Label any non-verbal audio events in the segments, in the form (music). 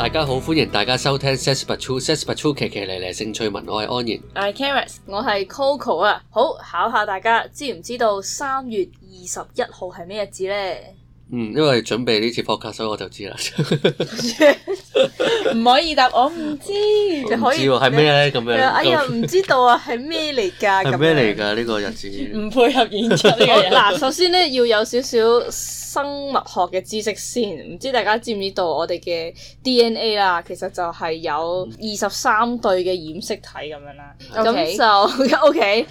大家好，歡迎大家收聽《Says But True Says But True 奇奇嚟嚟，興趣文我係安然，i 係 Charis 我係 Coco 啊，好考下大家，知唔知道三月二十一號係咩日子呢？嗯，因為準備呢次播客，所以我就知啦。唔、 (laughs) yes, 可以答，我唔知。唔 (laughs) 知喎，係咩咧？咁樣說 (laughs) 哎呀，唔知道啊，係咩嚟噶？係咩嚟噶？呢樣個日子唔配合演出嘅。嗱， (laughs) 首先咧要有少少生物學嘅知識先。唔知大家知唔知道我哋嘅 DNA 啦，其實就係有二十三對嘅染色體咁樣啦。咁就、嗯、OK。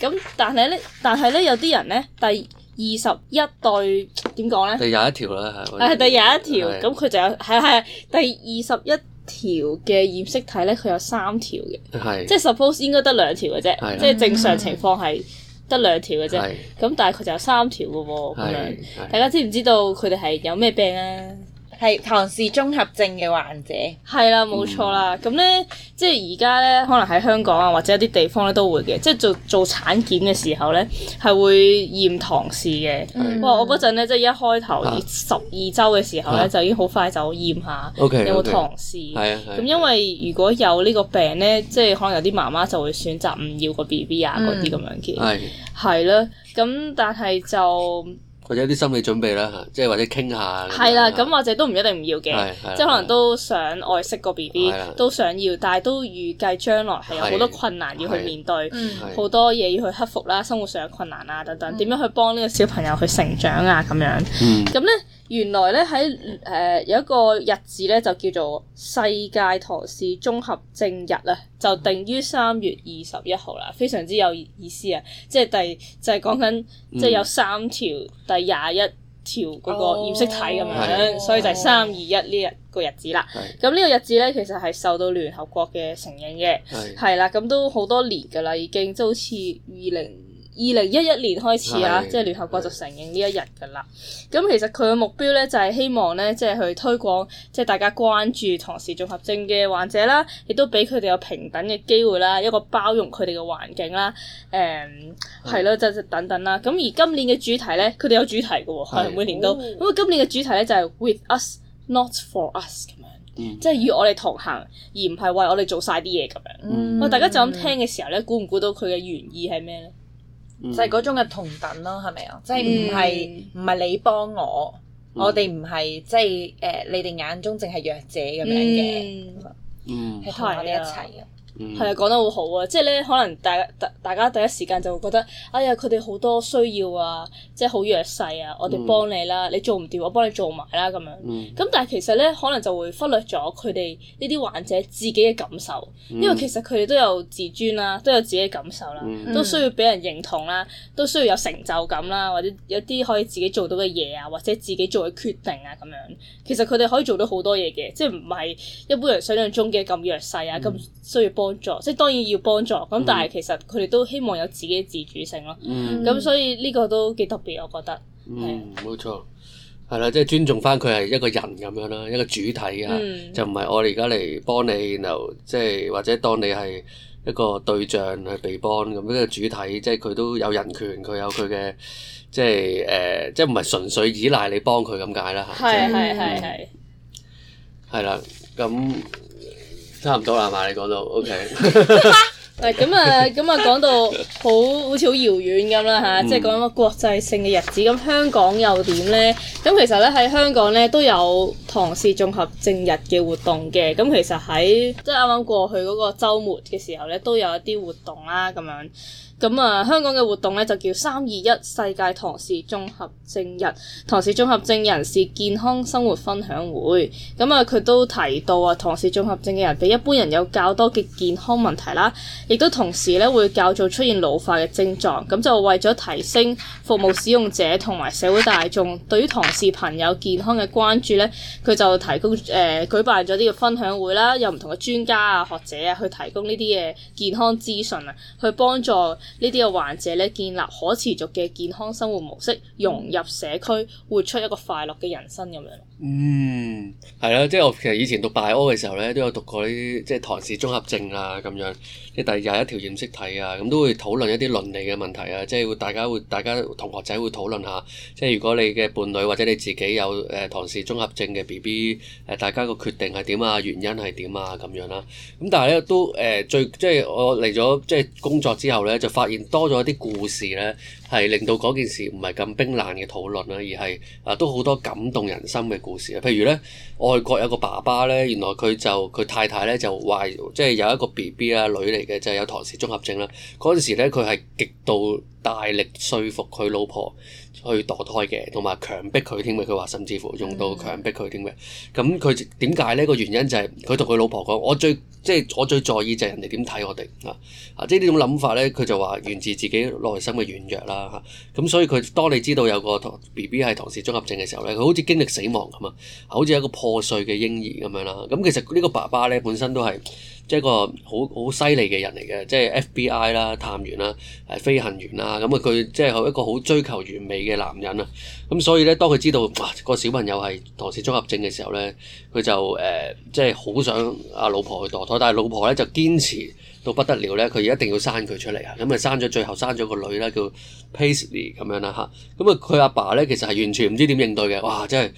咁 Okay (laughs) 但係咧，但係咧，有啲人咧，第二十一對點講咧？第二十一條啦，係。係第二十一條，咁佢就有係係第二十一條嘅染色體咧，佢有三條嘅，的即係 suppose 應該得兩條嘅啫，的即係正常情況係得兩條嘅啫。咁但係佢就有三條嘅喎、啊，咁樣的大家知唔知道佢哋係有咩病啊？係唐氏綜合症嘅患者，係啦、啊，冇錯啦。咁咧、嗯，即係而家咧，可能喺香港啊，或者一啲地方咧都會嘅。即係做做產檢嘅時候咧，係會驗唐氏嘅。嗯、哇！我嗰陣咧，即係一開頭十二週嘅時候咧，啊、就已經好快就驗下有冇唐氏。咁 Okay, okay. 因為如果有呢個病咧，即係可能有啲媽媽就會選擇唔要個 BB 啊嗰啲咁樣嘅。係啦，咁但係就。或者啲心理準備啦，即係或者傾下。係啦，咁或者都唔一定唔要嘅，的即係可能都想愛惜個 B B，的都想要，但係都預計將來係有好多困難要去面對，好多嘢要去克服啦，生活上嘅困難啊等等，點的樣去幫呢個小朋友去成長啊咁樣，咁咧的。嗯原來咧喺誒有一個日子咧，就叫做世界唐氏綜合症日啊，就定於三月二十一號啦，非常之有意思啊！即係第就係講緊，即係有三條第廿一條嗰個染色體咁樣，哦、所以就係三二一呢一個日子啦。咁呢是個日子咧，其實係受到聯合國嘅承認嘅，係是是啦，咁都好多年噶啦已經，即係好似二零二零一一年開始啊，即係的聯合國就承認呢一日噶啦。咁、嗯嗯、其實佢嘅目標咧就係、是、希望咧，即、就、係、是、去推廣，即、就、係、是、大家關注唐氏綜合症嘅患者啦，亦都俾佢哋有平等嘅機會啦，一個包容佢哋嘅環境啦，誒、嗯，係咯，就等等啦。咁而今年嘅主題咧，佢哋有主題嘅喎，每年都。咁的、嗯、今年嘅主題咧就係、是、With us, not for us 咁樣，即係、嗯、與我哋同行，而唔係為我哋做晒啲嘢咁樣。哇、嗯，大家就咁聽嘅時候咧，估唔估到佢嘅原意係咩咧？就係嗰種嘅同等咯，係咪啊？即係唔係唔係你幫我，嗯、我哋唔係即係誒你哋眼中淨係弱者咁樣嘅，嗯，係同吧、嗯、我哋一齊嘅。係、嗯、啊，講得好好啊！即係咧，可能大家大家第一時間就會覺得，哎呀，佢哋好多需要啊，即係好弱勢啊，我哋幫你啦，嗯、你做唔掂，我幫你做埋啦咁樣。咁、嗯、但係其實咧，可能就會忽略咗佢哋呢啲患者自己嘅感受，嗯、因為其實佢哋都有自尊啦、啊，都有自己嘅感受啦、啊，嗯、都需要俾人認同啦、啊，都需要有成就感啦、啊，或者有啲可以自己做到嘅嘢啊，或者自己做嘅決定啊咁樣。其實佢哋可以做到好多嘢嘅，即係唔係一般人想像中嘅咁弱勢啊，咁需要幫。幫助，即係當然要幫助咁，但係其實佢哋都希望有自己嘅自主性咯。咁，嗯，所以呢個都幾特別，我覺得。嗯，冇錯，係啦，即係尊重翻佢係一個人咁樣啦，一個主體啊，嗯，就唔係我哋而家嚟幫你，然後即係或者當你係一個對象去被幫咁一個主體，即係佢都有人權，佢有佢嘅，即係誒，即係唔係純粹依賴你幫佢咁解啦。係係係係，係啦咁。的差唔多啦嘛，你講到 OK。咁啊，咁啊講到好好似好遙遠咁啦嚇，即係講緊國際性嘅日子。咁、嗯嗯、香港又點呢？咁、嗯、其實咧喺香港咧都有唐氏綜合症日嘅活動嘅。咁、嗯、其實喺即係啱啱過去嗰個週末嘅時候咧，都有一啲活動啦、啊、咁樣。咁啊、嗯，香港嘅活動咧就叫三二一世界唐氏綜合症日唐氏綜合症人士健康生活分享會。咁、嗯、啊，佢、嗯、都提到啊，唐氏綜合症嘅人比一般人有較多嘅健康問題啦，亦都同時咧會較早出現老化嘅症狀。咁、嗯、就為咗提升服務使用者同埋社會大眾對於唐氏朋友健康嘅關注咧，佢就提供誒、呃、舉辦咗啲嘅分享會啦，有唔同嘅專家啊、學者啊去提供呢啲嘅健康資訊啊，去幫助。呢啲嘅患者咧，建立可持續嘅健康生活模式，融入社區，活出一個快樂嘅人生咁樣。嗯，係啦，即係我其實以前讀大學嘅時候咧，都有讀過呢啲，即係唐氏綜合症啊咁樣，即係第二十一條染色體啊，咁都會討論一啲倫理嘅問題啊，即係會大家會大家同學仔會討論下，即係如果你嘅伴侶或者你自己有誒、呃、唐氏綜合症嘅 B B，誒、呃、大家個決定係點啊，原因係點啊咁樣啦。咁但係咧都誒、呃、最即係我嚟咗即係工作之後咧就發現多咗一啲故事咧。係令到嗰件事唔係咁冰冷嘅討論啦，而係啊都好多感動人心嘅故事啊。譬如呢，外國有個爸爸呢，原來佢就佢太太呢就懷即係有一個 B B 啊女嚟嘅就係、是、有唐氏綜合症啦。嗰陣時呢，佢係極度大力說服佢老婆去墮胎嘅，同埋強迫佢添嘅。佢話甚至乎用到強迫佢添嘅。咁佢點解呢個原因就係佢同佢老婆講：我最即係、就是、我最在意就係人哋點睇我哋啊即係呢種諗法呢，佢就話源自自己內心嘅軟弱啦、啊。咁、嗯、所以佢當你知道有個 B B 係唐氏綜合症嘅時候咧，佢好似經歷死亡咁啊，好似一個破碎嘅嬰兒咁樣啦。咁、嗯、其實呢個爸爸咧本身都係即係一個好好犀利嘅人嚟嘅，即、就、係、是、F B I 啦、探員啦、係、呃、飛行員啦。咁、嗯、啊，佢即係一個好追求完美嘅男人啊。咁、嗯、所以咧，當佢知道哇、個小朋友係唐氏綜合症嘅時候咧，佢就誒即係好想阿老婆去墮胎，但係老婆咧就堅持到不得了咧，佢一定要生佢出嚟啊！咁啊，生咗最後生咗個女啦，叫 Paisley 咁樣啦嚇。咁啊，佢阿爸咧其實係完全唔知點應對嘅。哇！即係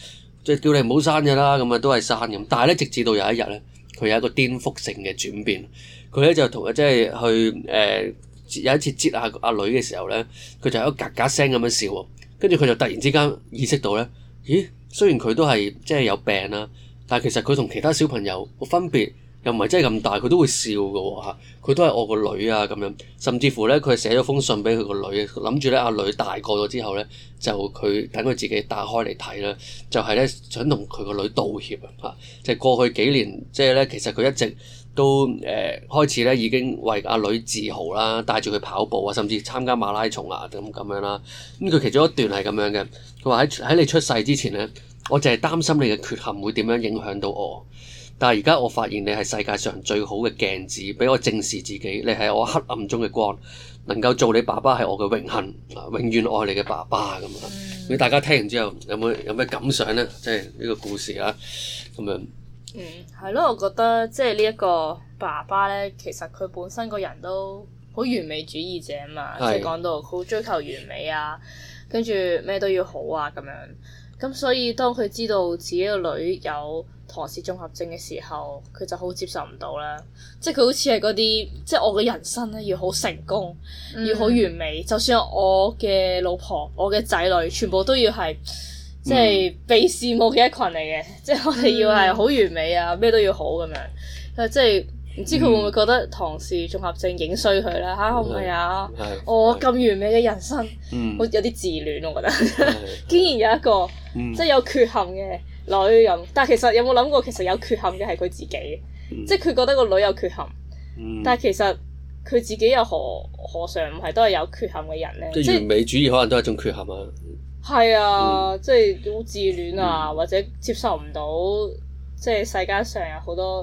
即係叫你唔好生嘅啦，咁啊都係生咁。但係咧，直至到有一日咧，佢有一個顛覆性嘅轉變。佢咧就同即係去誒、呃、有一次接下阿女嘅時候咧，佢就喺度格格聲咁樣笑。跟住佢就突然之間意識到咧，咦？雖然佢都係即係有病啦，但係其實佢同其他小朋友個分別，又唔係真係咁大，佢都會笑嘅喎嚇，佢都係我個女啊咁樣，甚至乎呢，佢寫咗封信俾佢個女，諗住呢阿女大個咗之後呢，就佢等佢自己打開嚟睇啦，就係呢，想同佢個女道歉啊，就係過去幾年，即係呢，其實佢一直都誒開始呢，已經為阿女自豪啦，帶住佢跑步啊，甚至參加馬拉松啊咁咁樣啦。咁佢其中一段係咁樣嘅，佢話喺喺你出世之前呢，我淨係擔心你嘅缺陷會點樣影響到我。但係而家我發現你係世界上最好嘅鏡子，俾我正視自己。你係我黑暗中嘅光，能夠做你爸爸係我嘅榮幸，永遠愛你嘅爸爸咁啊！咁、嗯、大家聽完之後有冇有咩感想呢？即係呢個故事啊，咁樣。嗯，係咯，我覺得即係呢一個爸爸呢，其實佢本身個人都好完美主義者啊嘛，即係講到好追求完美啊，跟住咩都要好啊咁樣。咁所以當佢知道自己個女有。唐氏綜合症嘅時候，佢就好接受唔到啦。即係佢好似係嗰啲，即係我嘅人生咧，要好成功，嗯、要好完美。就算我嘅老婆、我嘅仔女，全部都要係即係、嗯、被羨慕嘅一群嚟嘅。即係我哋要係好完美啊，咩都要好咁樣。即係唔知佢會唔會覺得唐氏綜合症影衰佢咧？吓？係唔係啊？我咁、啊、完美嘅人生，我有啲自戀，我覺得。是 (laughs) 竟然有一個即係有缺陷嘅女人，但係其實有冇諗過，其實有缺陷嘅係佢自己，嗯、即係佢覺得個女有缺陷，嗯、但係其實佢自己又何何嘗唔係都係有缺陷嘅人咧？即係完美主義可能都係一種缺陷啊！係啊，嗯、即係好自戀啊，嗯、或者接受唔到，即係世間上有好多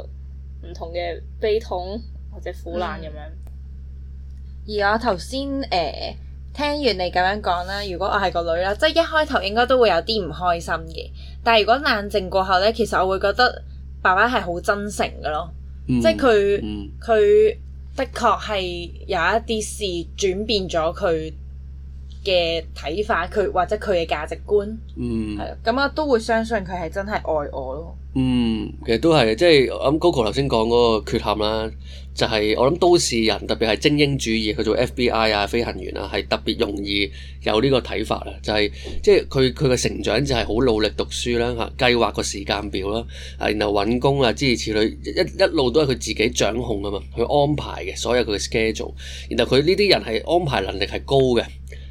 唔同嘅悲痛或者苦難咁樣、嗯。而我頭先誒。呃聽完你咁樣講啦，如果我係個女啦，即係一開頭應該都會有啲唔開心嘅。但係如果冷靜過後呢，其實我會覺得爸爸係好真誠嘅咯，嗯、即係佢佢的確係有一啲事轉變咗佢嘅睇法，佢或者佢嘅價值觀，嗯，係啦，咁啊都會相信佢係真係愛我咯、哦。嗯，其實都係，即、就、係、是、我諗高 o 頭先講嗰個缺陷啦，就係、是、我諗都市人特別係精英主義，佢做 FBI 啊、飛行員啊，係特別容易有呢個睇法啦。就係、是、即係佢佢嘅成長就係好努力讀書啦，嚇、啊、計劃個時間表啦、啊，然後揾工啊之如此類，一一路都係佢自己掌控啊嘛，佢安排嘅所有佢嘅 schedule。然後佢呢啲人係安排能力係高嘅。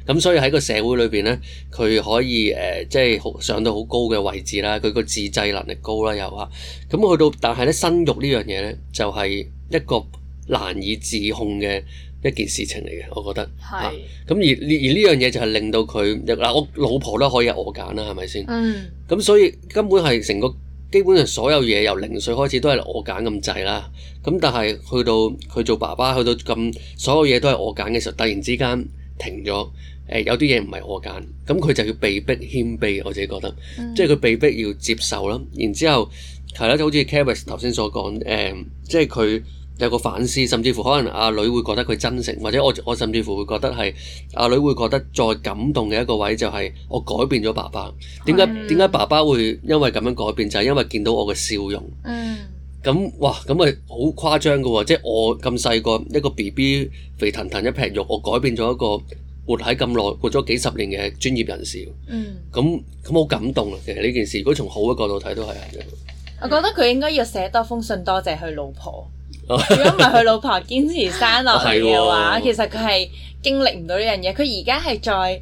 咁、嗯、所以喺個社會裏邊呢，佢可以誒、呃，即係好上到好高嘅位置啦。佢個自制能力高啦，又啊。咁去到，但係呢，生育呢樣嘢呢，就係、是、一個難以自控嘅一件事情嚟嘅。我覺得，係是。咁、啊、而而呢樣嘢就係令到佢嗱，我老婆都可以我揀啦、啊，係咪先？嗯。咁、嗯、所以根本係成個基本上所有嘢由零歲開始都係我揀咁滯啦。咁但係去到佢做爸爸，去到咁所有嘢都係我揀嘅時候，突然之間停咗。誒有啲嘢唔係我揀，咁佢就要被逼謙卑。我自己覺得，嗯、即係佢被逼要接受啦。然之後係啦，就好、是、似 Charis 頭先所講，誒、呃，即係佢有個反思，甚至乎可能阿女會覺得佢真誠，或者我我甚至乎會覺得係阿女會覺得再感動嘅一個位就係我改變咗爸爸，點解，點解爸爸會因為咁樣改變，就係、是、因為見到我嘅笑容。嗯，咁哇，咁咪好誇張嘅喎，即係我咁細個一個 BB 肥騰騰一劈肉，我改變咗一個。活喺咁耐，活咗幾十年嘅專業人士，嗯，咁咁好感動啊！其實呢件事，如果從好嘅角度睇，都係啊！我覺得佢應該要寫多封信多謝佢老婆。如果唔係佢老婆堅持生落去嘅話， (laughs) 哦、其實佢係經歷唔到呢樣嘢。佢而家係再，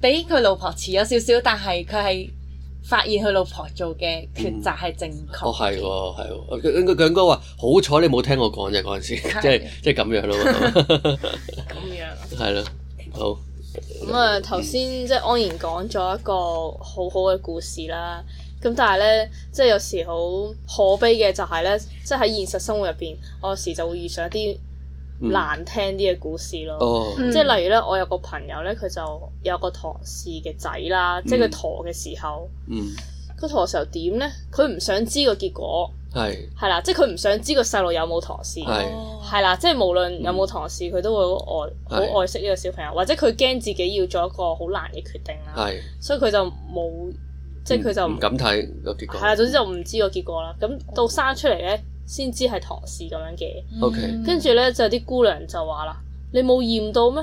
比佢老婆遲咗少少，但係佢係，發現佢老婆做嘅抉擇係正確，嗯，哦，係喎，係喎，應該強哥話好彩你冇聽我講啫嗰陣時。的即，即係即係咁樣咯，咁樣，係咯，好。咁啊頭先即係安然講咗一個好好嘅故事啦，咁但係咧即係有時好可悲嘅就係咧，即係喺現實生活入邊，我有時就會遇上一啲難聽啲嘅故事咯，即係、oh, 嗯、例如咧，我有個朋友咧，佢就有個唐氏嘅仔啦，即係佢陀嘅時候，佢陀嘅時候點咧？佢唔想知個結果，係係是啦，即係佢唔想知個細路有冇唐氏，係啦，即係無論有冇唐氏，佢、嗯、都會好愛好愛惜呢個小朋友，或者佢驚自己要做一個好難嘅決定啦，是所以佢就冇，即係佢就唔、嗯、敢睇個結果，係啦，總之就唔知個結果啦。咁到生出嚟咧。先知係唐氏咁樣嘅，Okay. 跟住咧就有啲姑娘就話啦：你冇驗到咩？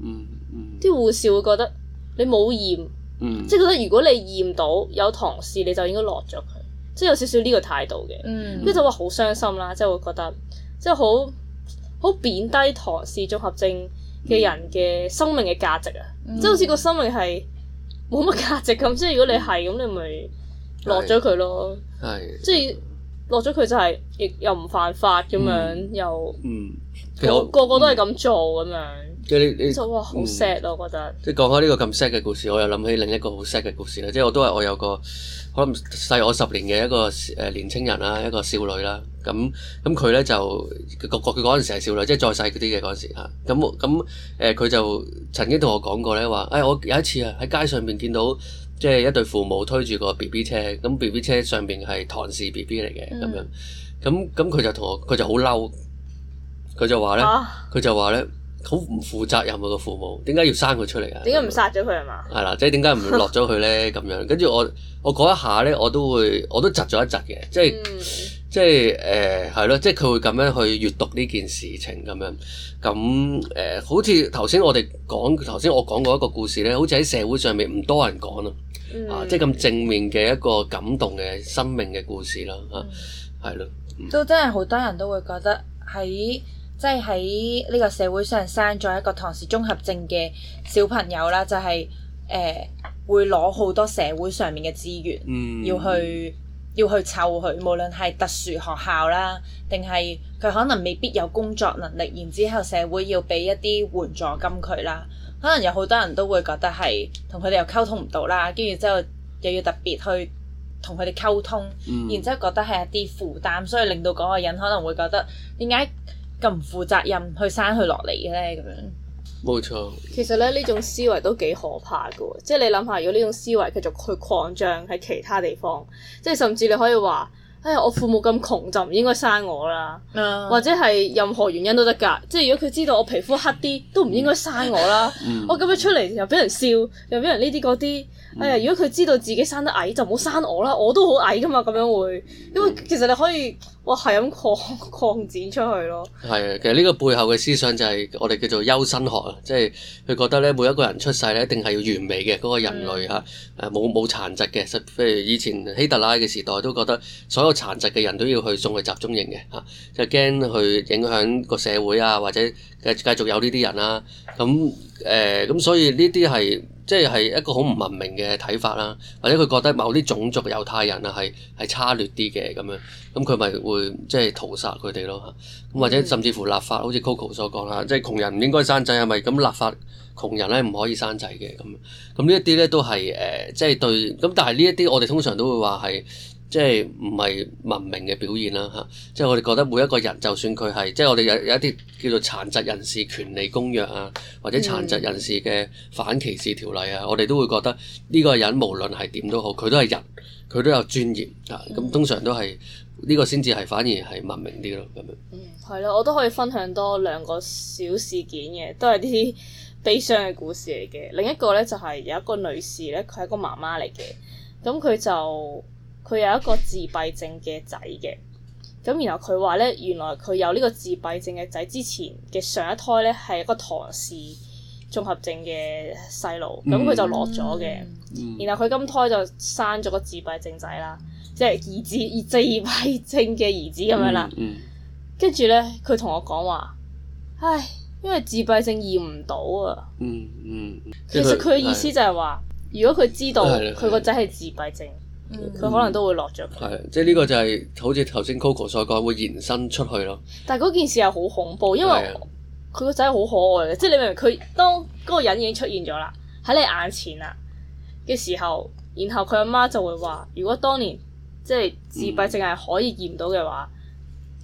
嗯嗯，啲護士會覺得你冇驗，mm. 即係覺得如果你驗到有唐氏，你就應該落咗佢，即係有少少呢個態度嘅。跟住、mm. 就話好傷心啦，即、就、係、是、會覺得即係好好貶低唐氏綜合症嘅人嘅生命嘅價值啊！Mm. 即係好似個生命係冇乜價值咁。Mm. 即係如果你係咁，你咪落咗佢咯。係，即係。落咗佢就係亦又唔犯法咁樣、嗯、又，其實個,個個都係咁做咁樣，即係、嗯、哇好 sad 咯我覺得、嗯。即係講開呢個咁 sad 嘅故事，我又諗起另一個好 sad 嘅故事啦。即、就、係、是、我都係我有個可能細我十年嘅一個誒年青人啦，一個少女啦。咁咁佢咧就個個佢嗰陣時係少女，即、就、係、是、再細嗰啲嘅嗰陣時嚇。咁咁誒佢就曾經同我講過咧話，誒、哎、我有一次啊喺街上面見到。即係一對父母推住個 B B 車，咁 B B 車上邊係唐氏 B B 嚟嘅，咁、嗯、樣咁咁佢就同我，佢就好嬲，佢就話咧，佢、哦、就話咧好唔負責任個、啊、父母點解要生佢出嚟啊？點解唔殺咗佢啊？嘛係啦，即係點解唔落咗佢咧？咁 (laughs) 樣跟住我我嗰一下咧，我都會我都窒咗一窒嘅，即係、嗯、即係誒係咯，即係佢會咁樣去閱讀呢件事情咁樣咁誒、呃，好似頭先我哋講頭先我講過一個故事咧，好似喺社會上面唔多人講啊。啊、即係咁正面嘅一個感動嘅生命嘅故事啦，嚇、啊，係咯、嗯，嗯、都真係好多人都會覺得喺即係喺呢個社會上生咗一個唐氏綜合症嘅小朋友啦，就係、是、誒、呃、會攞好多社會上面嘅資源、嗯要，要去要去湊佢，無論係特殊學校啦，定係佢可能未必有工作能力，然之後社會要俾一啲援助金佢啦。可能有好多人都會覺得係同佢哋又溝通唔到啦，跟住之後又要特別去同佢哋溝通，嗯、然之後覺得係一啲負擔，所以令到嗰個人可能會覺得點解咁唔負責任去生佢落嚟咧？咁樣冇錯。錯其實咧，呢種思維都幾可怕㗎喎，即係你諗下，如果呢種思維繼續去擴張喺其他地方，即係甚至你可以話。哎，我父母咁窮就唔應該生我啦，uh. 或者係任何原因都得㗎。即係如果佢知道我皮膚黑啲，都唔應該生我啦。 (laughs) 我咁樣出嚟又俾人笑，又俾人呢啲嗰啲。係啊、哎！如果佢知道自己生得矮，就唔好生我啦。我都好矮噶嘛，咁樣會，因為其實你可以，哇，係咁擴擴展出去咯、嗯。係啊，其實呢個背後嘅思想就係我哋叫做優生學啊，即係佢覺得咧，每一個人出世咧，一定係要完美嘅嗰、嗰個人類嚇，誒冇冇殘疾嘅。譬如以前希特拉嘅時代都覺得所有殘疾嘅人都要去送去集中營嘅嚇，就驚去影響個社會啊，或者繼續有呢啲人啦、啊。咁誒，咁、啊、所以呢啲係。即係一個好唔文明嘅睇法啦，或者佢覺得某啲種族猶太人啊，係係差劣啲嘅咁樣，咁佢咪會即係屠殺佢哋咯，咁或者甚至乎立法，好似 Coco 所講啦，即係窮人唔應該生仔，係咪咁立法窮人咧唔可以生仔嘅咁，咁呢一啲咧都係誒即係對，咁、呃、但係呢一啲我哋通常都會話係。即係唔係文明嘅表現啦嚇！即係我哋覺得每一個人，就算佢係即係我哋有有一啲叫做殘疾人士權利公約啊，或者殘疾人士嘅反歧視條例啊，嗯、我哋都會覺得呢個人無論係點都好，佢都係人，佢都有尊嚴啊。咁、嗯、通常都係呢、呢個先至係反而係文明啲咯。咁樣，嗯，係咯，我都可以分享多兩個小事件嘅，都係啲悲傷嘅故事嚟嘅。另一個呢，就係、係、有一個女士呢，佢係一個媽媽嚟嘅，咁佢就。佢有一個自閉症嘅仔嘅，咁然後佢話呢，原來佢有呢個自閉症嘅仔之前嘅上一胎呢，係一個唐氏綜合症嘅細路，咁佢就落咗嘅。然後佢今胎就生咗個自閉症仔啦，即係兒子，兒子自閉症嘅兒子咁樣啦。跟住、嗯嗯、呢，佢同我講話，唉，因為自閉症驗唔到啊、嗯嗯嗯。其實佢嘅意思就係、是、話，嗯、如果佢知道佢個仔係自閉症。佢可能都會落咗。係，即係呢個就係好似頭先 Coco 所講，會延伸出去咯。但係嗰件事係好恐怖，因為佢個仔好可愛嘅，即係你明唔明？佢當嗰個人已經出現咗啦，喺你眼前啦嘅時候，然後佢阿媽就會話：如果當年即係自閉症係可以驗到嘅話，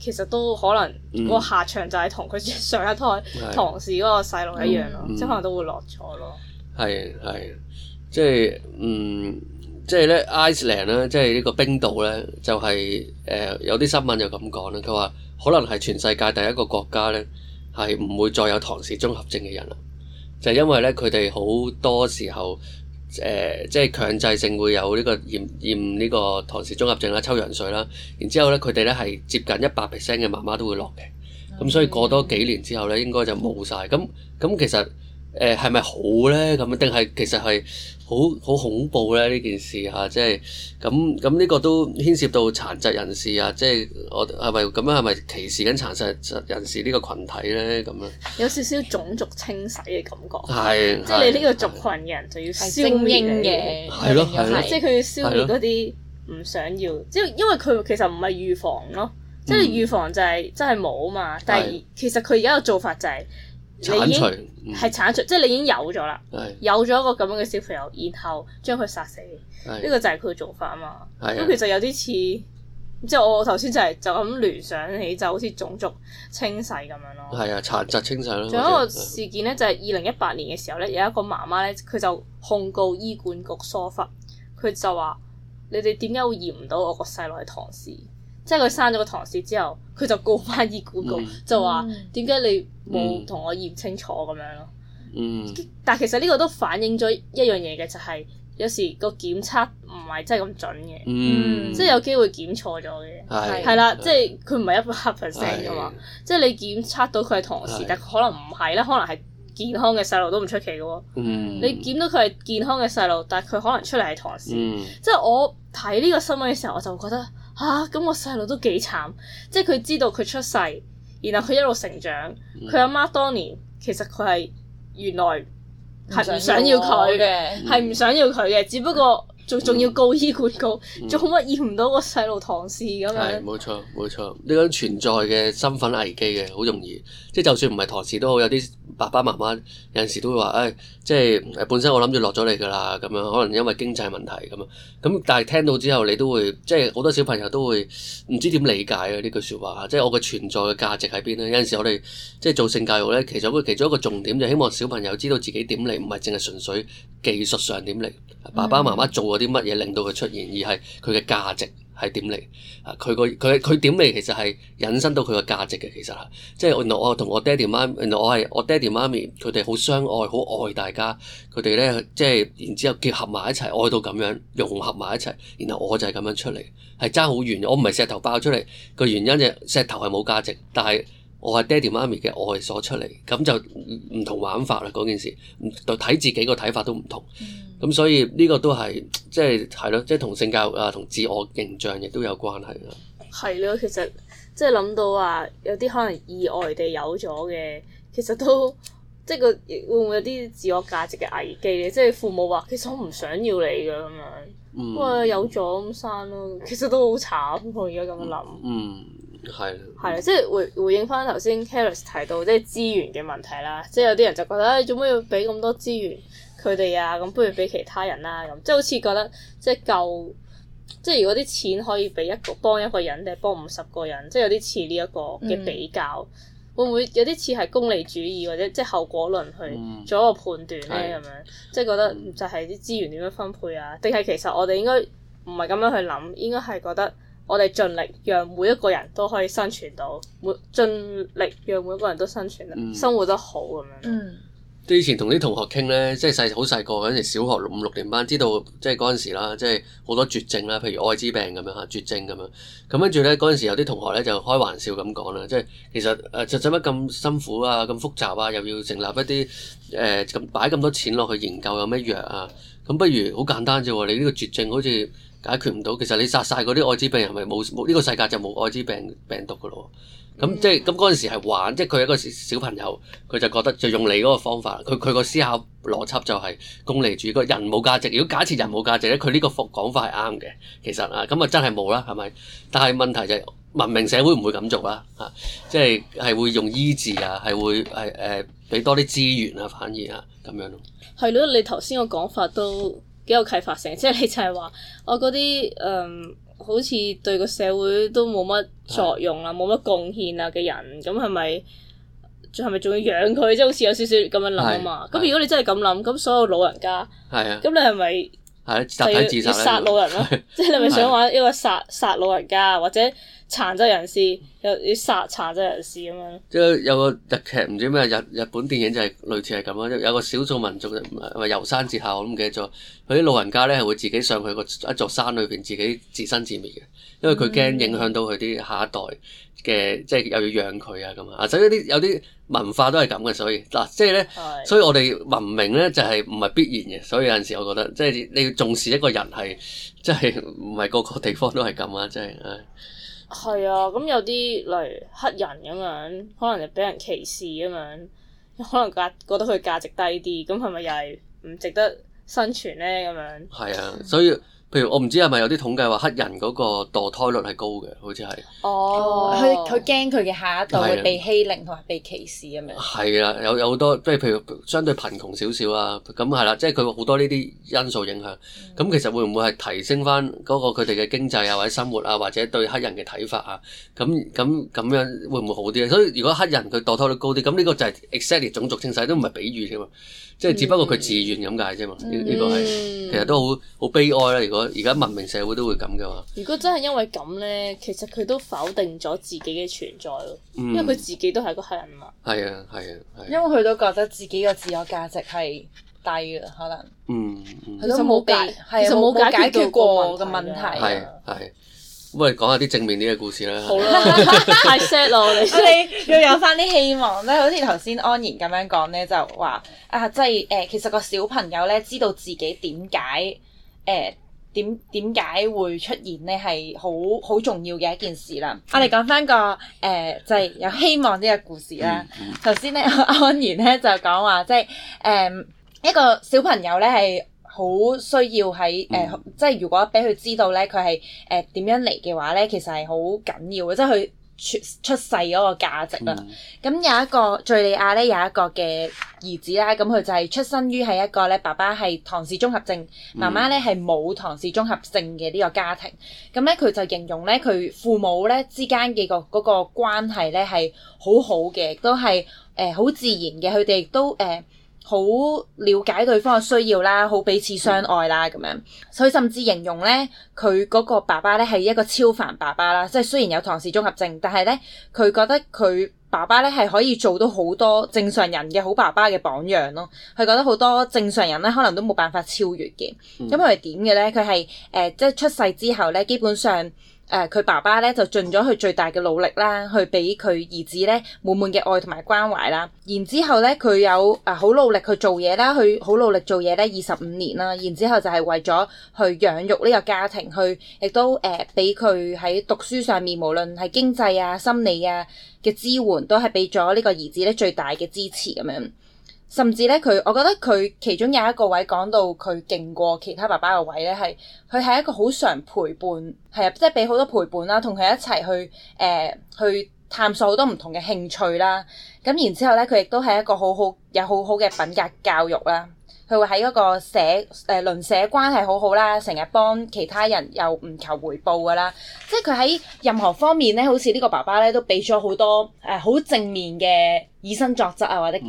其實都可能個下場就係同佢上一胎唐氏嗰個細路一樣咯，即係可能都會落咗咯。係係，即係嗯。即係咧，Iceland 咧，即係呢個冰島咧，就係、是、誒、呃、有啲新聞就咁講啦。佢話可能係全世界第一個國家咧，係唔會再有唐氏綜合症嘅人啦。就是、因為咧，佢哋好多時候誒、呃，即係強制性會有呢、這個驗驗呢個唐氏綜合症啦、抽羊水啦。然之後咧，佢哋咧係接近一百 percent 嘅媽媽都會落嘅。咁、嗯、所以過多幾年之後咧，應該就冇晒。咁咁其實。誒係咪好咧？咁定係其實係好好恐怖咧？呢件事吓、啊，即係咁咁呢個都牽涉到殘疾人士啊！即、就、係、是、我係咪咁樣係咪歧視緊殘疾人士呢個群體咧？咁樣有少少種族清洗嘅感覺，係、哎、即係你呢個族群嘅人就要消滅嘅，係咯，即係佢要消滅嗰啲唔想要，即係的因為佢其實唔係預防咯，嗯、即係預防就係、是、真係冇嘛。但係其實佢而家嘅做法就係、是。鏟除，係鏟除，即係你已經有咗啦，是有咗一個咁樣嘅小朋友，然後將佢殺死，呢是個就係佢嘅做法啊嘛。咁的其實有啲似，即係我頭先就係、是、就咁聯想起，就好似種族清洗咁樣咯。係啊，殘疾清洗咯。仲有一個事件咧，就係二零一八年嘅時候咧，有一個媽媽咧，佢就控告醫管局疏忽，佢就話：你哋點解會驗唔到我個細路係唐氏？即係佢生咗個唐氏之後，佢就告翻醫管局，就話點解你冇同我驗清楚咁樣咯。但其實呢個都反映咗一樣嘢嘅，就係有時個檢測唔係真係咁準嘅，即係有機會檢錯咗嘅，係係啦，即係佢唔係一百 percent 㗎嘛，即係你檢測到佢係唐氏，但可能唔係咧，可能係健康嘅細路都唔出奇嘅喎。你檢到佢係健康嘅細路，但係佢可能出嚟係唐氏。即係我睇呢個新聞嘅時候，我就覺得。嚇！咁個細路都幾慘，即係佢知道佢出世，然後佢一路成長，佢阿媽當年其實佢係原來係唔想要佢嘅，係唔想要佢嘅，不只不過仲仲、嗯、要告醫管局，做乜要唔到個細路唐氏咁樣。冇錯冇錯，呢種存在嘅身份危機嘅好容易，即係就算唔係唐氏都好有啲。爸爸媽媽有陣時都會話，誒、哎，即係本身我諗住落咗你㗎啦，咁樣可能因為經濟問題咁啊。咁但係聽到之後，你都會，即係好多小朋友都會唔知點理解啊呢句説話，即係我嘅存在嘅價值喺邊呢？有陣時我哋即係做性教育呢，其實一其中一個重點就希望小朋友知道自己點嚟，唔係淨係純粹技術上點嚟。爸爸媽媽做咗啲乜嘢令到佢出現，而係佢嘅價值。係點嚟？佢個佢佢點嚟？其實係引申到佢個價值嘅，其實即係原來我同我爹哋媽，原來我係我爹哋媽咪，佢哋好相愛，好愛大家，佢哋咧即係然之後結合埋一齊，愛到咁樣融合埋一齊，然後我就係咁樣出嚟，係差好遠。我唔係石頭爆出嚟，個原因就石頭係冇價值，但係。我係爹哋媽咪嘅愛所出嚟，咁就唔同玩法啦。嗰件事，就睇自己個睇法都唔同。咁、嗯、所以呢個都係，即係係咯，即係同性教育啊，同自我形象亦都有關係啦。係咯，其實即係諗到話有啲可能意外地有咗嘅，其實都即係個會唔會有啲自我價值嘅危機咧？即係父母話，其實我唔想要你噶咁樣，不過、嗯、有咗咁生咯，其實都好慘。我而家咁樣諗。嗯。係，係即係回回應翻頭先 Charis 提到即係資源嘅問題啦，即係有啲人就覺得，做、哎、咩要俾咁多資源佢哋啊？咁不如俾其他人啦、啊，咁即係好似覺得即係夠，即係如果啲錢可以俾一個幫一個人，定係幫五十個人，即係有啲似呢一個嘅比較，嗯、會唔會有啲似係功利主義或者即係後果論去做一個判斷咧？咁、嗯、樣即係覺得就係啲資源點樣分配啊？定係其實我哋應該唔係咁樣去諗，應該係覺得。我哋盡力讓每一個人都可以生存到，每盡力讓每一個人都生存到，嗯、生活得好咁樣、嗯。即以前同啲同學傾咧，即係細好細個嗰陣時，小學五六年班知道即，即係嗰陣時啦，即係好多絕症啦，譬如艾滋病咁樣嚇，絕症咁樣。咁跟住咧，嗰陣時有啲同學咧就開玩笑咁講啦，即係其實、呃、就使乜咁辛苦啊，咁複雜啊，又要成立一啲誒咁擺咁多錢落去研究有咩藥啊？咁不如好簡單咋喎？你呢個絕症好似～解決唔到，其實你殺晒嗰啲艾滋病人係咪冇冇呢個世界就冇艾滋病病毒㗎咯？咁即係咁嗰陣時係玩，即係佢一個小朋友，佢就覺得就用你嗰個方法，佢佢個思考邏輯就係功利主義，個人冇價值。如果假設人冇價值咧，佢呢個講法係啱嘅。其實啊，咁啊真係冇啦，係咪？但係問題就係文明社會唔會咁做啦，嚇、啊，即係係會用醫治啊，係會係誒俾多啲資源啊，反而啊咁樣咯。係咯，你頭先個講法都。幾有啟發性，即係你就係話，我嗰啲嗯，好似對個社會都冇乜作用啊，冇乜的貢獻啊嘅人，咁係咪？係咪仲要養佢？即係好似有少少咁樣諗啊嘛。咁的如果你真係咁諗，咁所有老人家，係啊的，咁你係咪？係要殺老人咯，的即係你係咪想玩一個殺 (laughs) 的殺老人家或者？殘疾人士，有啲殺殘疾人士咁樣。即係有個日劇，唔知咩日日本電影，就係類似係咁咯。有個少數民族，唔係楢山節考我唔記得咗。佢啲老人家咧係會自己上去個一座山裏邊，自己自生自滅嘅。因為佢驚影響到佢啲下一代嘅，嗯、即係又要養佢啊咁啊。所以啲有啲文化都係咁嘅，所以嗱，即係咧，所以我哋文明咧就係唔係必然嘅。所以有陣、啊、是時我覺得，即係你要重視一個人係，即係唔係個個地方都係咁啊！即係唉。係啊，咁有啲例如黑人咁樣，可能就俾人歧視咁樣，可能價覺得佢價值低啲，咁係咪又係唔值得生存呢？咁樣。係啊，所以。譬如我唔知係咪有啲統計話黑人嗰個墮胎率係高嘅，好似係。哦、oh，佢佢驚佢嘅下一代會被欺凌同埋被歧視啊嘛。係啊的，有有好多即係譬如相對貧窮少少啊，咁係啦，即係佢好多呢啲因素影響。咁、mm. 其實會唔會係提升翻嗰個佢哋嘅經濟啊，或者生活啊，或者對黑人嘅睇法啊？咁咁咁樣會唔會好啲咧？所以如果黑人佢墮胎率高啲，咁呢個就係 exactly 種族清洗都唔係比喻啫嘛。即係只不過佢自願咁解啫嘛，呢呢、嗯、個係其實都好好悲哀啦。如果而家文明社會都會咁嘅話，如果真係因為咁咧，其實佢都否定咗自己嘅存在咯，嗯、因為佢自己都係個黑人嘛。係啊，係啊。啊啊因為佢都覺得自己個自我價值係低嘅，可能。嗯。嗯都其實冇解，啊、其實冇解決到個問題,問題、啊。係、啊。不如講下啲正面啲嘅故事啦。好啦，太 sad 咯，你要有翻啲希望咧。好似頭先安然咁樣講咧，就話啊，即係誒，其實個小朋友咧知道自己、呃、點解誒點點解會出現咧，係好好重要嘅一件事啦。嗯、我哋講翻個誒、呃，就係、是、有希望啲嘅故事啦。頭先咧，安然咧就講話即係誒一個小朋友咧係。好需要喺誒、呃，即係如果俾佢知道咧，佢係誒點樣嚟嘅話咧，其實係好緊要嘅，即係佢出出世嗰個價值啦。咁、嗯、有一個敍利亞咧，有一個嘅兒子啦，咁佢就係出生於係一個咧爸爸係唐氏綜合症，媽媽咧係冇唐氏綜合症嘅呢個家庭。咁咧佢就形容咧佢父母咧之間嘅、嗰個嗰、嗰個關係咧係好好嘅，都係誒好自然嘅。佢哋都誒。呃好了解對方嘅需要啦，好彼此相愛啦咁、嗯、樣，所以甚至形容呢，佢嗰個爸爸呢係一個超凡爸爸啦，即係雖然有唐氏綜合症，但係呢，佢覺得佢爸爸呢係可以做到好多正常人嘅好爸爸嘅榜樣咯。佢覺得好多正常人呢可能都冇辦法超越嘅。咁佢係點嘅呢？佢係誒即係出世之後呢，基本上。誒，佢、呃、爸爸咧就盡咗佢最大嘅努力啦，去俾佢兒子咧滿滿嘅愛同埋關懷啦。然之後咧，佢有誒好、呃、努力去做嘢啦，佢好努力做嘢咧，二十五年啦。然之後就係為咗去養育呢個家庭，去亦都誒俾佢喺讀書上面，無論係經濟啊、心理啊嘅支援，都係俾咗呢個兒子咧最大嘅支持咁樣。甚至呢，佢，我覺得佢其中有一個位講到佢勁過其他爸爸嘅位呢，係佢係一個好常陪伴，係啊，即係俾好多陪伴啦，同佢一齊去誒、呃、去探索好多唔同嘅興趣啦。咁然之後呢，佢亦都係一個好好有好好嘅品格教育啦。佢會喺嗰個、呃、輪社誒鄰舍關係好好啦，成日幫其他人又唔求回報噶啦，即係佢喺任何方面咧，好似呢個爸爸咧都俾咗好多誒好、呃、正面嘅以身作則啊，或者誒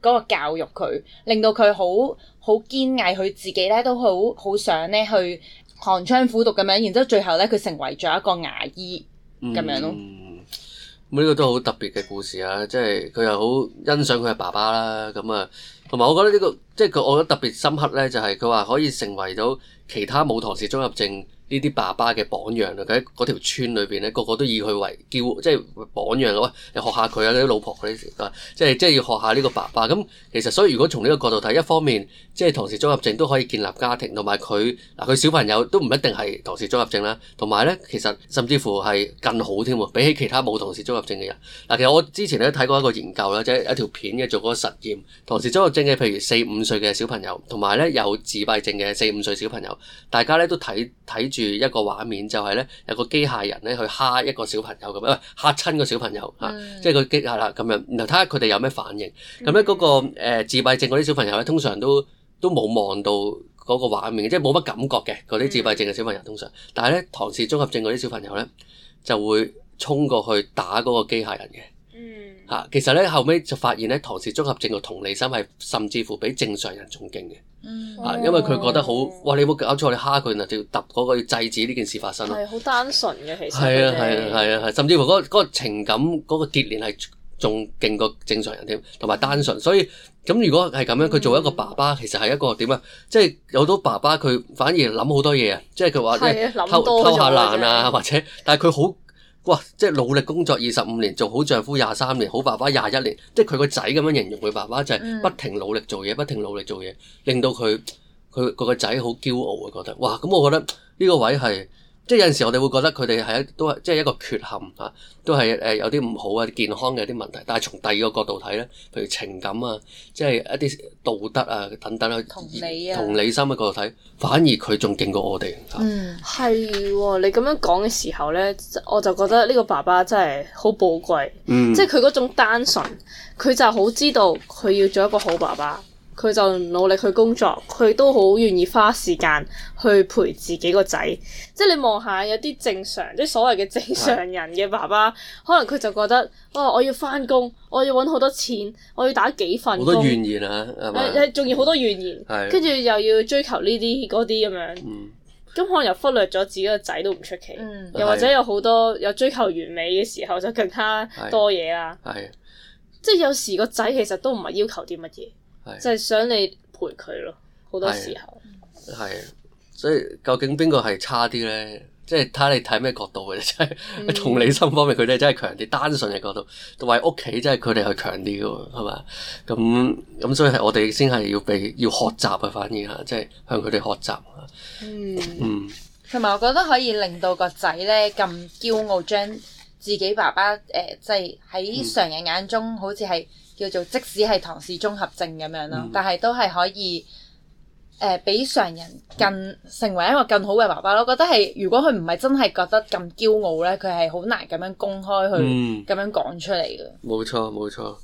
嗰個教育佢，令到佢好好堅毅，佢自己咧都好好想咧去寒窗苦讀咁樣，然之後最後咧佢成為咗一個牙醫咁、嗯、樣咯。咁呢、嗯這個都好特別嘅故事啊！即係佢又好欣賞佢嘅爸爸啦，咁啊，同埋我覺得呢、這個。即係佢，我覺得特別深刻咧，就係佢話可以成為到其他冇唐氏綜合症呢啲爸爸嘅榜樣。佢喺嗰條村裏邊咧，個個都以佢為叫，即係榜樣咯。喂，你學下佢啊啲老婆嗰啲，即係即係要學下呢個爸爸。咁其實所以如果從呢個角度睇，一方面即係唐氏綜合症都可以建立家庭，同埋佢嗱佢小朋友都唔一定係唐氏綜合症啦。同埋咧，其實甚至乎係更好添喎，比起其他冇唐氏綜合症嘅人。嗱，其實我之前咧睇過一個研究啦，即係一條片嘅做嗰個實驗，唐氏綜合症嘅譬如四五歲嘅小朋友，同埋咧有自閉症嘅四五歲小朋友，大家咧都睇睇住一個畫面，就係、是、咧有個機械人咧去蝦一個小朋友咁，喂嚇親個小朋友，吓、嗯，即係佢機械啦咁樣，然後睇下佢哋有咩反應。咁咧嗰個誒自閉症嗰啲小朋友咧，通常都都冇望到嗰個畫面，即係冇乜感覺嘅嗰啲自閉症嘅小朋友通常，但係咧唐氏綜合症嗰啲小朋友咧就會衝過去打嗰個機械人嘅。嚇、啊，其實咧後尾就發現咧，唐氏綜合症嘅同理心係甚至乎比正常人仲勁嘅。嗯、哦啊，因為佢覺得好，哇！你有冇搞錯？你蝦佢你就要揼嗰個要，、那個、要制止呢件事發生。係好單純嘅，其實。係啊係啊係啊係、啊啊，甚至乎嗰、那個那個情感嗰、那個結連係仲勁過正常人添，同埋單純。所以咁如果係咁樣，佢做一個爸爸，嗯、其實係一個點、就是就是、啊？即係有咗爸爸，佢反而諗好多嘢啊！即係佢話即係偷偷下懶啊，或者，但係佢好。哇！即係努力工作二十五年，做好丈夫廿三年，好爸爸廿一年，即係佢個仔咁樣形容佢爸爸就係、是、不停努力做嘢，不停努力做嘢，令到佢佢佢個仔好驕傲啊！覺得哇！咁我覺得呢個位係。即係有陣時，我哋會覺得佢哋係一都係即係一個缺陷嚇，都係誒有啲唔好啊、健康嘅啲問題。但係從第二個角度睇咧，譬如情感啊，即係一啲道德啊等等同理、啊、心嘅角度睇，反而佢仲勁過我哋。嗯，係喎、哦，你咁樣講嘅時候咧，我就覺得呢個爸爸真係好寶貴。嗯，即係佢嗰種單純，佢就好知道佢要做一個好爸爸。佢就努力去工作，佢都好願意花時間去陪自己個仔。即係你望下有啲正常，即係所謂嘅正常人嘅爸爸，可能佢就覺得，哦，我要翻工，我要揾好多錢，我要打幾份工。好多怨言啊，係嘛？仲要好多怨言，跟住又要追求呢啲嗰啲咁樣，咁可能又忽略咗自己個仔都唔出奇。又或者有好多有追求完美嘅時候，就更加多嘢啦。即係有時個仔其實都唔係要求啲乜嘢。就係想你陪佢咯，好多時候。係，所以究竟邊個係差啲咧？即係睇你睇咩角度嘅。即係同理心方面，佢哋真係強啲；單純嘅角度，同埋屋企真係佢哋係強啲㗎，係嘛？咁咁，所以係我哋先係要被要學習嘅，反而嚇，即係向佢哋學習嚇。嗯。嗯。同埋我覺得可以令到個仔咧咁驕傲，將自己爸爸誒，即係喺常人眼中好似係、嗯。嗯。叫做即使係唐氏綜合症咁樣咯，嗯、但係都係可以誒、呃、比常人更成為一個更好嘅爸爸咯。我覺得係，如果佢唔係真係覺得咁驕傲咧，佢係好難咁樣公開去咁、嗯、樣講出嚟嘅。冇錯，冇錯。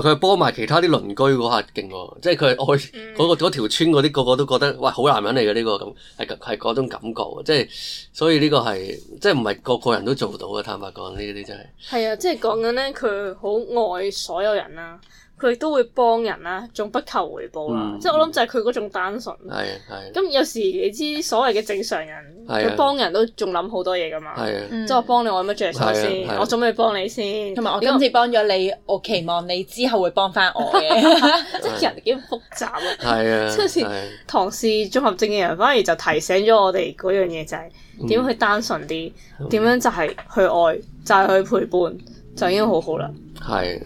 話佢係幫埋其他啲鄰居嗰下勁，即係佢愛嗰、嗯嗰個條村嗰啲個個都覺得喂，好男人嚟嘅，呢個咁，係係嗰種感覺，即係所以呢個係即係唔係個個人都做到嘅，坦白講呢啲真係係啊，即係講緊咧，佢好愛所有人啦、啊。佢都會幫人啦，仲不求回報啦，即係我諗就係佢嗰種單純。係係。咁有時你知所謂嘅正常人，佢幫人都仲諗好多嘢噶嘛。係即係我幫你，我有乜著數先？我準備幫你先。同埋我今次幫咗你，我期望你之後會幫翻我嘅。即係人幾複雜啊！係啊。即係似唐氏綜合症嘅人，反而就提醒咗我哋嗰樣嘢，就係點樣去單純啲，點樣就係去愛，就係去陪伴，就已經好好啦。係。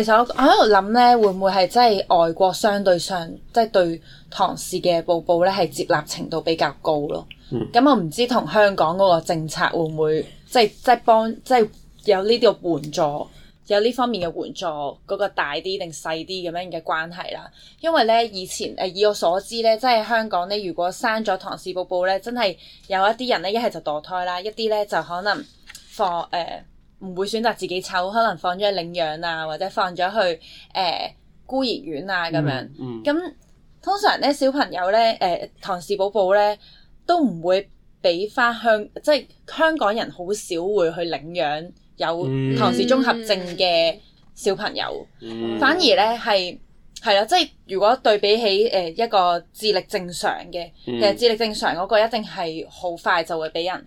其實我我喺度諗咧，會唔會係即係外國相對上即係對唐氏嘅寶寶咧係接納程度比較高咯。咁、嗯、我唔知同香港嗰個政策會唔會即係即係幫即係有呢啲嘅援助，有呢方面嘅援助嗰、嗰個大啲定細啲咁樣嘅關係啦。因為咧以前誒、呃、以我所知咧，即係香港咧，如果生咗唐氏寶寶咧，真係有一啲人咧，一係就墮胎啦，一啲咧就可能放誒。唔會選擇自己湊，可能放咗去領養啊，或者放咗去誒孤兒院啊咁樣。咁、嗯嗯、通常咧，小朋友咧，誒、呃、唐氏寶寶咧，都唔會俾翻香，即係香港人好少會去領養有唐氏綜合症嘅小朋友。嗯嗯、反而咧係係啦，即係如果對比起誒、呃、一個智力正常嘅，其實智力正常嗰個一定係好快就會俾人。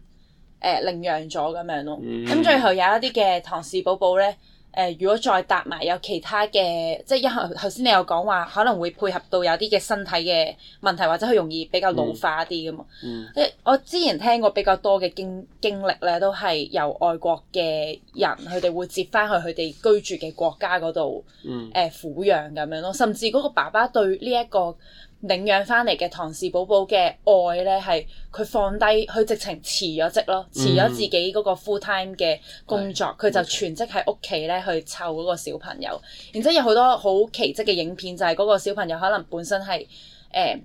誒領養咗咁樣咯，咁、嗯、最後有一啲嘅唐氏寶寶咧，誒、呃、如果再搭埋有其他嘅，即係一後頭先你有講話可能會配合到有啲嘅身體嘅問題，或者佢容易比較老化啲嘅嘛。誒、嗯嗯、我之前聽過比較多嘅經經歷咧，都係由外國嘅人佢哋會接翻去佢哋居住嘅國家嗰度誒撫養咁樣咯，甚至嗰個爸爸對呢、這、一個。領養翻嚟嘅唐氏寶寶嘅愛呢，係佢放低，佢直情辭咗職咯，辭咗自己嗰個 full time 嘅工作，佢、嗯、就全職喺屋企呢去湊嗰個小朋友。然之後有好多好奇蹟嘅影片，就係、是、嗰個小朋友可能本身係誒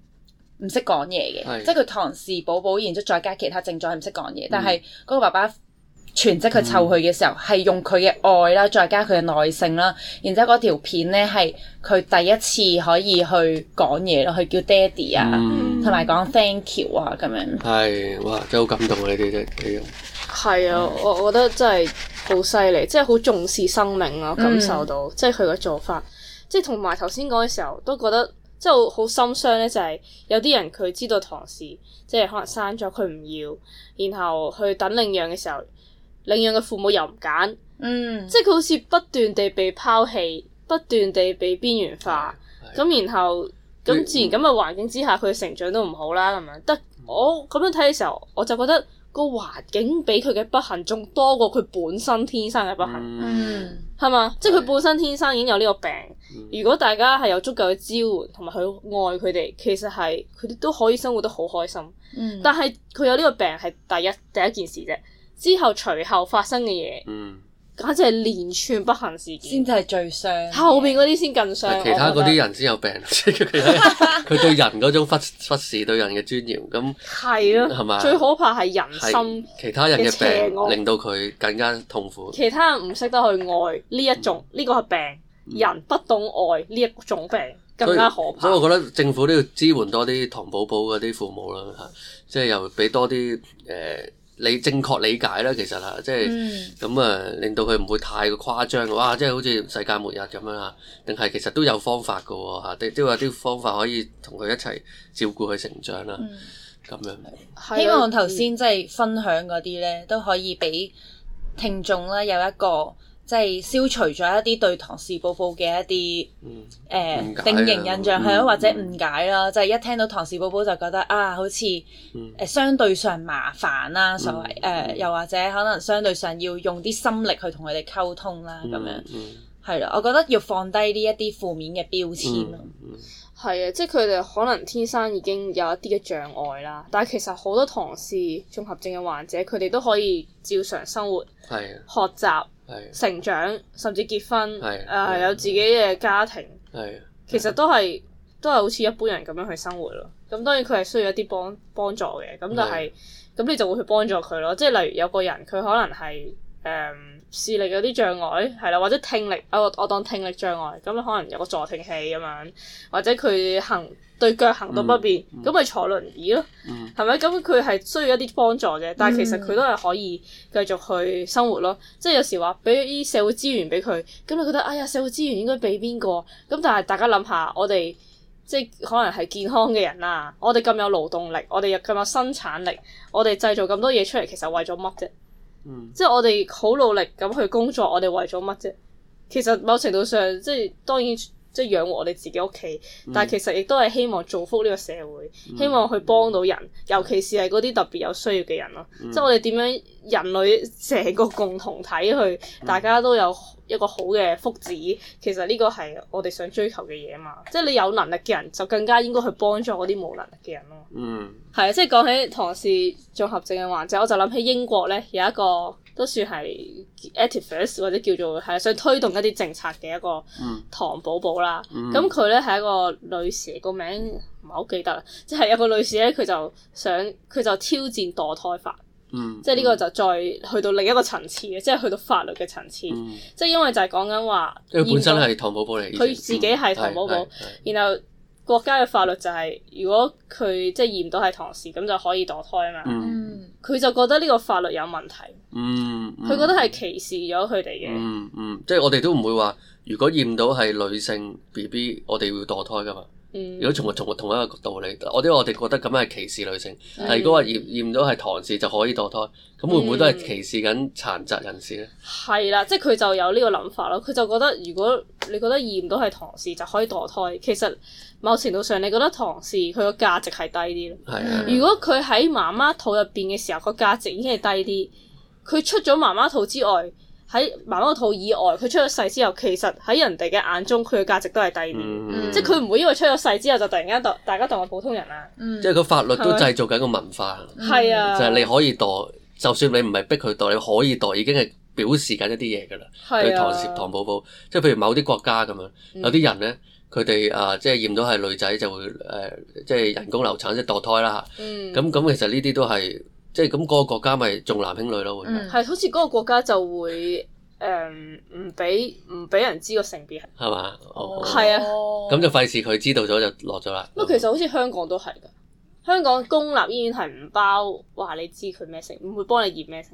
唔識講嘢嘅，呃、是即係佢唐氏寶寶，然之後再加其他症狀係唔識講嘢，嗯、但係嗰個爸爸。全職佢湊佢嘅時候，係、嗯、用佢嘅愛啦，再加佢嘅耐性啦。然之後嗰條片咧，係佢第一次可以去講嘢咯，佢叫爹哋啊，同埋講 Thank you 啊咁樣。係，哇！真係好感動啊，呢啲真係。係啊，嗯、我覺得真係好犀利，即係好重視生命咯、啊。我感受到，嗯、即係佢嘅做法，即係同埋頭先講嘅時候，都覺得即係好心傷咧。就係、是、有啲人佢知道唐氏，即係可能生咗佢唔要，然後去等領養嘅時候。領養嘅父母又唔揀，嗯、即係佢好似不斷地被拋棄，不斷地被邊緣化，咁的然後咁的自然咁嘅環境之下，佢嘅、嗯、成長都唔好啦，咁樣。但我咁樣睇嘅時候，我就覺得個環境畀佢嘅不幸仲多過佢本身天生嘅不幸，係嘛？即係佢本身天生已經有呢個病。嗯、如果大家係有足夠嘅支援同埋去愛佢哋，其實係佢哋都可以生活得好開心。嗯、但係佢有呢個病係第一第一件事啫。之後隨後發生嘅嘢，簡直係連串不幸事件，先至係最傷。後面嗰啲先更傷，其他嗰啲人先有病。佢對人嗰種忽忽視對人嘅尊嚴，咁係咯，係嘛？最可怕係人心。其他人嘅病，令到佢更加痛苦。其他人唔識得去愛呢一種，呢個係病。人不懂愛呢一種病，更加可怕。所以我覺得政府都要支援多啲唐寶寶嗰啲父母啦，吓，即係又俾多啲誒。你正確理解啦，其實嚇、啊，即係咁啊，令到佢唔會太過誇張，哇！即係好似世界末日咁樣啊，定係其實都有方法噶喎嚇，都都有啲方法可以同佢一齊照顧佢成長啦，咁、嗯、樣。的希望頭先即係分享嗰啲咧，都可以俾聽眾啦有一個。即係消除咗一啲對唐氏寶寶嘅一啲誒定型印象係啊，或者誤解啦。即係一聽到唐氏寶寶就覺得啊，好似誒相對上麻煩啦，所謂誒又或者可能相對上要用啲心力去同佢哋溝通啦咁樣，係咯。我覺得要放低呢一啲負面嘅標籤。係啊，即係佢哋可能天生已經有一啲嘅障礙啦，但係其實好多唐氏綜合症嘅患者，佢哋都可以照常生活、學習。成長甚至結婚，誒的、啊、有自己嘅家庭，的其實都係都係好似一般人咁樣去生活咯。咁當然佢係需要一啲幫幫助嘅，咁就係、係、咁的你就會去幫助佢咯。即係例如有個人，佢可能係誒、呃、視力有啲障礙，係啦，或者聽力，我我當聽力障礙，咁可能有個助聽器咁樣，或者佢行對腳行動不便，咁咪、嗯嗯、坐輪椅咯，係咪、嗯？咁佢係需要一啲幫助嘅，嗯、但係其實佢都係可以繼續去生活咯。即係有時話俾啲社會資源俾佢，咁你覺得哎呀社會資源應該俾邊個？咁但係大家諗下，我哋即係可能係健康嘅人啊，我哋咁有勞動力，我哋又咁有生產力，我哋製造咁多嘢出嚟，其實為咗乜啫？嗯、即係我哋好努力咁去工作，我哋為咗乜啫？其實某程度上，即係當然。即係養活我哋自己屋企，但係其實亦都係希望造福呢個社會，希望去幫到人，嗯、尤其是係嗰啲特別有需要嘅人咯。嗯、即係我哋點樣人類成個共同體去，大家都有一個好嘅福祉，其實呢個係我哋想追求嘅嘢嘛。即係你有能力嘅人，就更加應該去幫助嗰啲冇能力嘅人咯。嗯，係啊。即係講起唐氏綜合症嘅患者，就是、我就諗起英國咧有一個都算係 activist 或者叫做係想推動一啲政策嘅一個唐寶寶啦。咁佢咧係一個女士，個、嗯、名唔係好記得啦。即、就、係、是、有個女士咧，佢就想佢就挑戰墮胎法。嗯，即係呢個就再去到另一個層次嘅，嗯、即係去到法律嘅層次。即係、嗯、因為就係講緊話，佢本身係唐寶寶嚟嘅前，佢自己係唐寶寶，嗯、然後國家嘅法律就係、是、如果佢即係驗到係唐氏，咁就可以墮胎啊嘛。嗯，佢、嗯、就覺得呢個法律有問題。嗯，佢、嗯、覺得係歧視咗佢哋嘅。嗯嗯，嗯，即係我哋都唔會話，如果驗到係女性 BB，我哋會墮胎噶嘛。嗯、如果從同同一個道理，我啲我哋覺得咁係歧視女性。嗯、但如果話驗驗到係唐氏就可以墮胎，咁、嗯、會唔會都係歧視緊殘疾人士呢？係啦，即係佢就有呢個諗法咯。佢就覺得如果你覺得驗到係唐氏就可以墮胎，其實某程度上你覺得唐氏佢個價值係低啲咯。係啊，如果佢喺媽媽肚入邊嘅時候個價值已經係低啲，佢出咗媽媽肚之外。喺媽媽個肚以外，佢出咗世之後，其實喺人哋嘅眼中，佢嘅價值都係低啲，嗯、即係佢唔會因為出咗世之後就突然間當大家當個普通人啊。嗯、即係個法律都製造緊個文化，啊吧，就係你可以墮，吧就算你唔係逼佢墮，你可以墮已經係表示緊一啲嘢噶啦。對、啊、唐氏唐寶寶，即係譬如某啲國家咁樣，有啲人咧，佢哋啊即係驗到係女仔就會誒、呃，即係人工流產即係墮胎啦吓。咁咁、嗯、其實呢啲都係。即係咁嗰個國家咪重男輕女咯，會係好似嗰個國家就會誒唔俾唔俾人知個性別係嘛？係啊，咁就費事佢知道咗就落咗啦。不過其實好似香港都係噶，香港公立醫院係唔包話你知佢咩性，唔會幫你驗咩性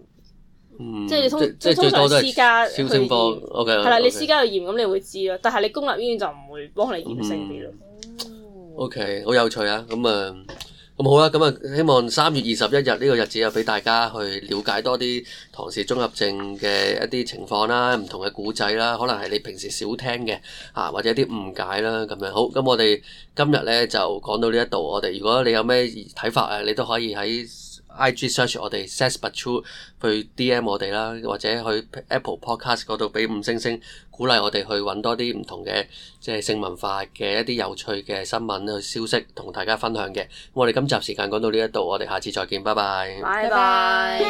別。即係你通即係通常私家超聲波，係啦，你私家去驗咁你會知咯。但係你公立醫院就唔會幫你驗性別咯。OK，好有趣啊！咁啊～嗯、好啦，咁啊，希望三月二十一日呢個日子又俾大家去了解多啲唐氏綜合症嘅一啲情況啦，唔同嘅古仔啦，可能係你平時少聽嘅啊，或者一啲誤解啦，咁樣好。咁、嗯、我哋今日呢就講到呢一度，我哋如果你有咩睇法啊，你都可以喺 I.G. search 我哋 sex but true 去 D.M. 我哋啦，或者去 Apple Podcast 度俾五星星，鼓勵我哋去揾多啲唔同嘅即係性文化嘅一啲有趣嘅新聞啊、消息，同大家分享嘅。我哋今集時間講到呢一度，我哋下次再見，拜拜，拜拜。